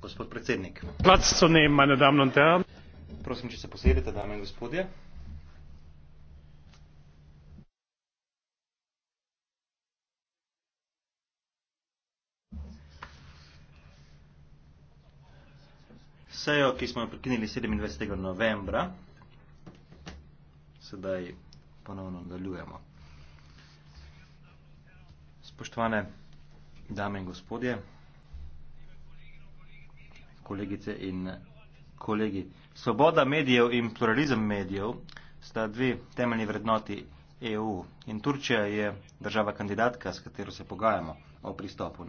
gospod predsednik prosim če se posedete dame in gospodje sejo ki smo jo prekinili sedemindvajsetega novembra sedaj ponovno nadaljujemo Spoštovane dame in gospodje, kolegice in kolegi. Svoboda medijev in pluralizem medijev sta dve temeljni vrednoti EU in Turčija je država kandidatka, s katero se pogajamo o pristopu na.